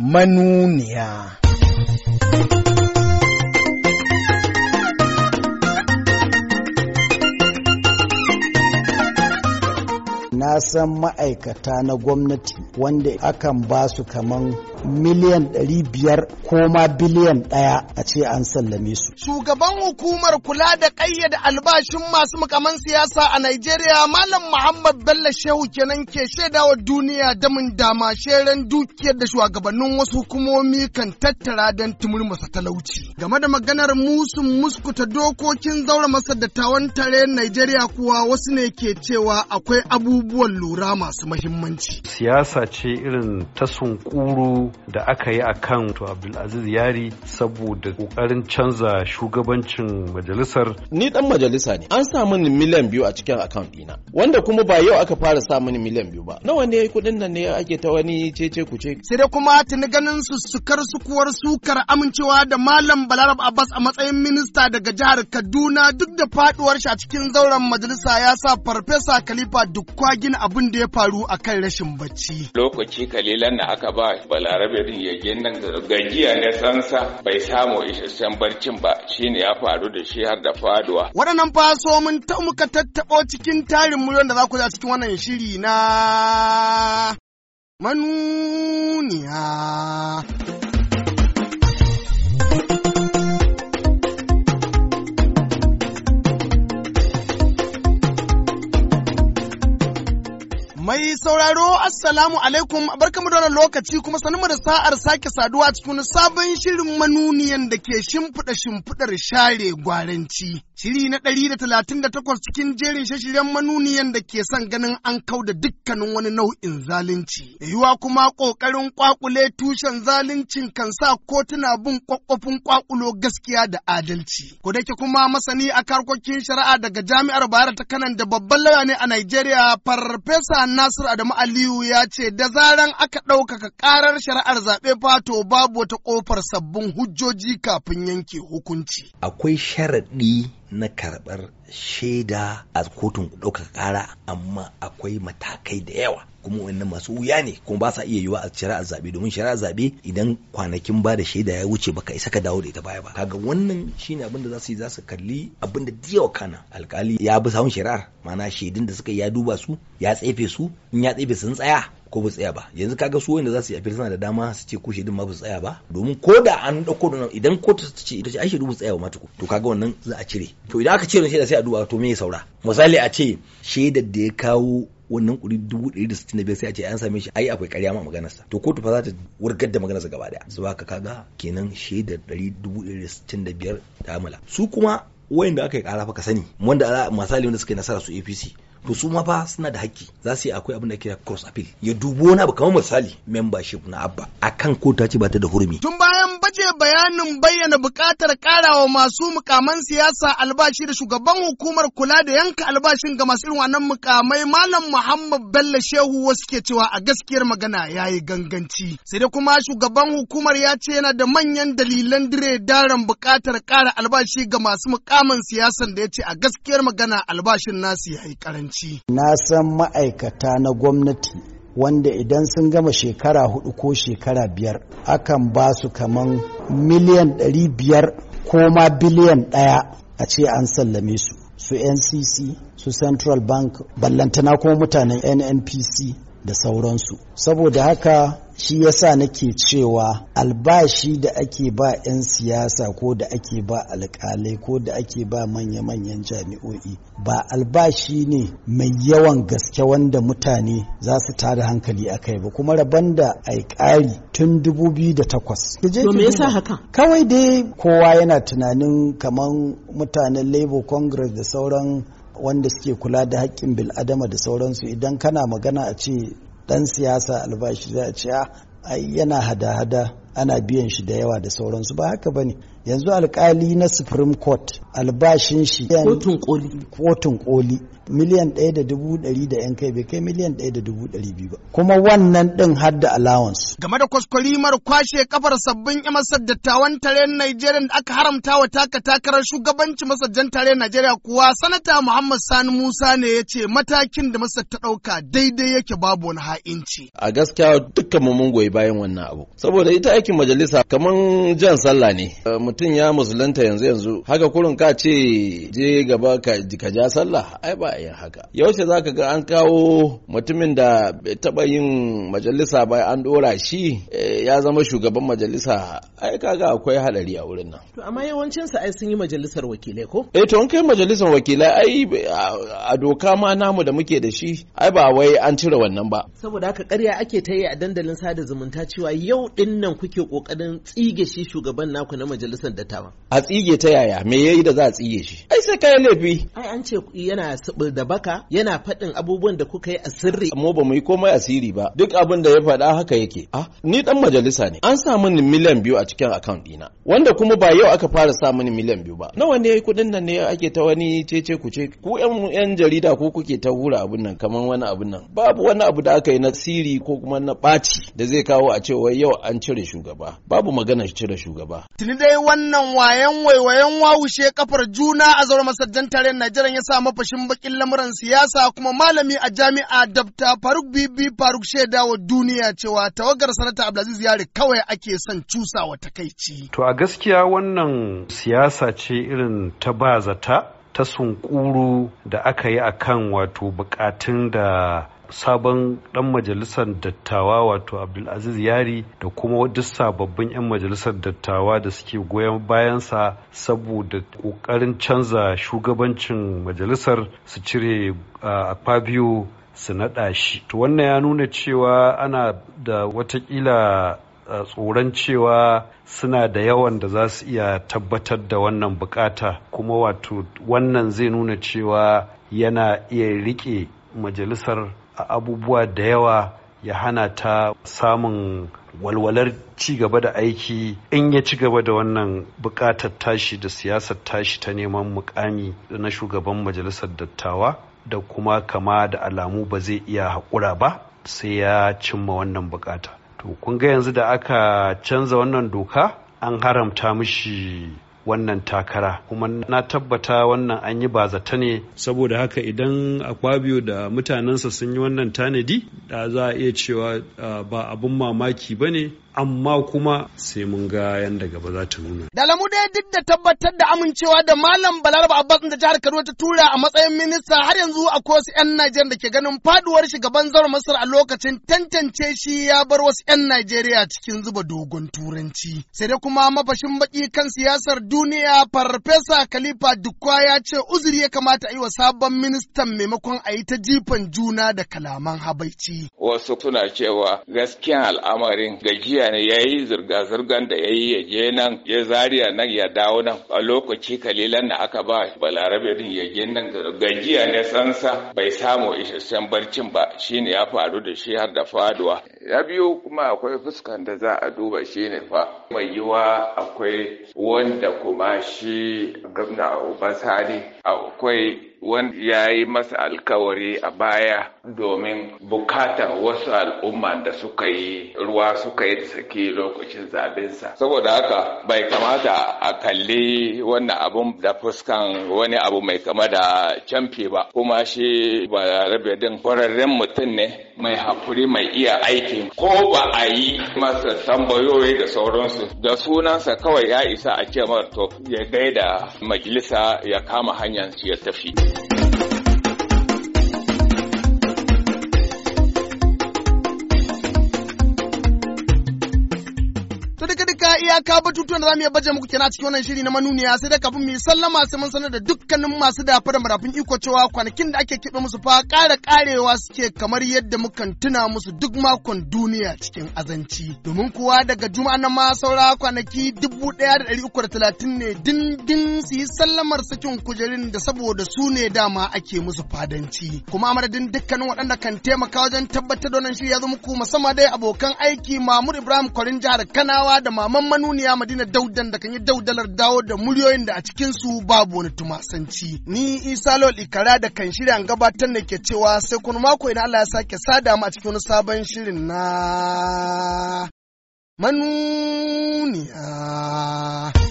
manuniya. na san ma'aikata na gwamnati wanda akan ba su kaman miliyan 500 ko ma biliyan ɗaya a ce an sallame su. Shugaban hukumar kula da ƙayyada albashin masu mukaman siyasa a Najeriya Malam Muhammad Bello Shehu kenan ke shaidawa duniya damin dama sheren dukiyar da shugabannin wasu hukumomi kan tattara don tumurmasa talauci. Game da maganar musun muskuta dokokin zaura masa dattawan tare Najeriya kuwa wasu ne ke cewa akwai abubuwan lura masu mahimmanci. Siyasa siyasa ce irin ta sunkuru da aka yi a kan Abdulaziz Yari saboda kokarin canza shugabancin majalisar. Ni dan majalisa ne. An sa mini miliyan biyu a cikin account ɗina. Wanda kuma ba yau aka fara sa mini miliyan biyu ba. Nawa ne kuɗin nan ne ake ta wani cece kuce. Sai dai kuma tuni ganin su sukar sukuwar sukar amincewa da Malam Balarab Abbas a matsayin minista daga jihar Kaduna duk da faduwar shi a cikin zauren majalisa ya sa Farfesa Khalifa Dukwagin abin da ya faru akan rashin bacci. lokaci kalilan da aka ba balarabe din ya je nan gajiya ne sansa bai samu isasshen barcin ba shine ya faru da shi har da faduwa waɗannan faso mun ta muka tattaɓo cikin tarin muryar da za ku za cikin wannan shiri na manuniya Mai sauraro Assalamu alaikum barkamu da wannan lokaci kuma sanin da sa'ar sake saduwa cikin sabon shirin manuniyan da ke shimfiɗa shimfiɗar share gwaranci. Shiri na ɗari da talatin da takwas cikin jerin shashiryan manuniyan da ke son ganin an kau da dukkanin wani nau'in zalunci. yiwuwa kuma ƙoƙarin ƙwaƙule tushen zaluncin kan sa kotuna bin ƙwaƙwafin ƙwaƙulo gaskiya da adalci. Ko da kuma masani a karkokin shari'a daga jami'ar Bayar ta Kanan da babban lauya ne a Najeriya Farfesa na Nasiru Adamu Aliyu ya ce da zaran aka ɗaukaka ƙarar shari'ar zaɓe fato babu wata ƙofar sabbin hujjoji kafin yanke hukunci. Akwai sharaɗi na karɓar shaida a kotun ɗaukar ƙara amma akwai matakai da yawa kuma wannan masu wuya ne kuma ba sa iya yiwa a shari'ar zabe domin shari'ar zabe idan kwanakin ba da shaida ya wuce baka isa ka dawo da ita baya ba kaga wannan shine abin da za su yi za su kalli abin da diyawa kana alkali ya bi sawun shari'ar Maana shaidun da suka ya duba su ya tsefe su in ya tsefe sun tsaya ko ba tsaya ba yanzu kaga su wanda za su yi appeal suna da dama su ce ko shaidun ma ba su tsaya ba domin ko da an dauko da idan kotu ta ce ita ce ai shaidu ba tsaya ba matuku to kaga wannan za a cire to idan aka cire shaida sai a duba to me ya saura misali a ce shaidar da ya kawo wannan kuri dubu ɗari da sittin da biyar sai a ce an same shi ai akwai ƙarya ma maganarsa to kotu fa za ta warkar da maganarsa gaba ɗaya su ba ka kaga kenan shaidar ɗari dubu ɗari da sittin da biyar ta amala su kuma wayanda aka yi ƙara fa ka sani wanda misali wanda suka yi nasara su APC to su ma fa suna da haƙƙi za su yi akwai abin da kira cross appeal ya dubo na ba kamar misali membership na abba akan ko ta ce ba ta da hurumi tun bayan baje bayanin bayyana buƙatar wa masu mukaman siyasa albashi da shugaban hukumar kula da yanka albashin ga masu irin wannan mukamai malam muhammad bello shehu wasu ke cewa a gaskiyar magana ya yi ganganci sai dai kuma shugaban hukumar ya ce yana da manyan dalilan dire daren buƙatar ƙara albashi ga masu mukaman siyasan da ya ce a gaskiyar magana albashin nasu ya yi ƙaranci abinci na san ma'aikata na gwamnati wanda idan sun gama shekara hudu ko shekara biyar akan ba su kaman miliyan ɗari biyar ko ma biliyan ɗaya a ce an sallame su su ncc su central bank ballantana kuma mutanen nnpc da sauransu saboda haka shi yasa nake cewa albashi da ake ba 'yan siyasa ko da ake ba alkalai ko da ake ba manya-manyan jami'o'i ba albashi ne mai yawan gaske wanda mutane za su tada hankali a kai ba kuma rabon da a ƙari tun 2008 me yasa haka kawai dai kowa yana tunanin kamar mutanen labor congress da sauran wanda suke kula da haƙƙin bil'adama da sauransu idan kana magana a ce ɗan siyasa albashi za a ce ah, yana hada-hada ana biyan shi da yawa da sauransu ba haka ba ne yanzu alkali na supreme court albashin shi kotun koli kotun koli miliyan ɗaya da dubu ɗari da yan kai bai kai miliyan ɗaya da dubu ɗari biyu ba kuma wannan ɗin har da allowance game da kwaskwari mara kwashe kafar sabbin yamasar dattawan tare nigeria da aka haramta wa taka takarar shugabanci masajjan tare Najeriya kuwa sanata Muhammad Sani Musa ne ya ce matakin da masar ta ɗauka daidai yake babu wani ha'inci a gaskiya dukkan mu mun goyi bayan wannan abu saboda ita aikin majalisa kamar jan sallah ne eh, mutum ya musulunta yanzu yanzu haka kurin ka ce je gaba ka ja sallah ai ba yin haka yaushe za ka ga an kawo mutumin da bai taba yin majalisa ba an dora shi eh, ya zama shugaban majalisa ai kaga akwai hadari a wurin nan to amma yawancin su ai sun yi majalisar wakilai ko eh to an kai majalisar wakilai ai a doka ma namu da muke da shi ai ba wai an cire wannan ba saboda haka ƙarya ake ta yi a dandalin sada zumunta cewa yau din nan kuke kokarin tsige shi shugaban naku na majalisa da tama. a tsige ta yaya me yayi da za a tsige shi ai sai kai laifi ai an ce yana subul da baka yana faɗin abubuwan da kuka yi a sirri mu ba mu yi komai asiri ba duk abin da ya faɗa haka yake ah ni dan majalisa ne an sa mini miliyan biyu a cikin account dina wanda kuma ba yau aka fara sa mini miliyan biyu ba nawa ne kuɗin nan ne ake ta wani cece ce ku yan ƴan jarida ko kuke ta hura abun nan kaman wani abun nan babu wani abu da aka yi na siri ko kuma na ɓaci da zai kawo a cewa yau an cire shugaba babu magana cire shugaba tuni dai wannan wayan waiwayen wawushe kafar juna a zaura masajjan tare Najeriya ya sa mafashin bakin lamuran siyasa kuma malami a jami'a Dabta Faruk Bibi Faruk shaida wa duniya cewa tawagar sanata Abdulaziz Yari kawai ake son cusa wa takaici. To a gaskiya wannan siyasa ce irin ta ba zata ta sunkuru da aka yi akan wato bukatun da sabon dan majalisar dattawa wato abdulaziz yari da kuma duk sababbin 'yan majalisar dattawa da suke goyon bayansa saboda ƙoƙarin canza shugabancin majalisar su cire a fabio su naɗa shi to wannan ya nuna cewa ana da watakila tsoron cewa suna da yawan da za su iya tabbatar da wannan bukata kuma wato wannan zai nuna cewa yana iya rike majalisar abubuwa da yawa ya hana ta samun walwalar ci gaba da aiki in ya ci gaba da wannan bukatar tashi da siyasar tashi ta neman mukami na shugaban majalisar dattawa da kuma kama da alamu ba zai iya haƙura ba sai ya cimma wannan bukata to kun ga yanzu da aka canza wannan doka an haramta mishi wannan takara kuma na tabbata wannan an yi ba zata ne saboda haka idan akwabio da mutanensa sun yi wannan tanadi da za a iya cewa ah, ba abin mamaki ba ne amma kuma sai mun ga yadda gaba za ta nuna. Da alamu dai duk da tabbatar da amincewa da Malam Balaraba Abbas da jihar Kaduna ta tura a matsayin minista har yanzu a wasu 'yan Najeriya da ke ganin faduwar shugaban zar Masar a lokacin tantance shi ya bar wasu 'yan Najeriya cikin zuba dogon turanci. Sai dai kuma mafashin baki kan siyasar duniya Farfesa Khalifa Dukwa ya ce uzuri ya kamata a yi wa sabon ministan maimakon a yi ta jifan juna da kalaman habaici. Wasu suna cewa gaskiyan al'amarin gajiya zariya ne ya yi zirga-zirgan da ya yi ya je nan ya zariya nan ya dawo nan a lokaci kalilan na aka ba balarabe din ya je nan gajiya ne sansa bai samu isasshen barcin ba shine ya faru da shi har da faduwa ya biyo kuma akwai fuskan da za a duba shi ne fa mai yiwa akwai wanda kuma shi gwamna obasani akwai wanda ya yi masa alkawari a baya domin bukatar wasu al'umma da suka yi ruwa suka yi saki lokacin zabensa. Saboda haka bai kamata a kalli wannan abun da fuskan wani abu mai kama da canfi ba, kuma shi ba rabe din kwararren mutum ne mai hakuri mai iya aiki ko ba a yi masa tambayoyi da sauransu da sunansa kawai ya isa a ce to ya gaida majalisa ya kama hanyar ya tafi. ya iyaka batutuwan da za mu iya baje muku kenan cikin wannan shiri na manuniya sai dai kafin mu sallama sai mun sanar da dukkanin masu dafa da marafin iko cewa kwanakin da ake kiɓe musu fa ƙara ƙarewa suke kamar yadda mukan tuna musu duk makon duniya cikin azanci. Domin kuwa daga juma'a na ma saura kwanaki dubu ɗaya da ɗari uku da talatin ne dindin su yi sallamar sakin kujerin da saboda su ne dama ake musu fadanci. Kuma madadin dukkanin waɗanda kan taimaka wajen tabbatar da wannan shiri ya zo muku musamman dai abokan aiki mamur Ibrahim Kwarin jihar Kanawa da Maman manuniya madina daudan da kan yi daudalar dawo da muryoyin da a cikin su babu wani tumasanci ni isa lol ikara da kan shirya gabatar da ke cewa sai kun mako idan allah ya sake sada mu a cikin wani sabon shirin na manuniya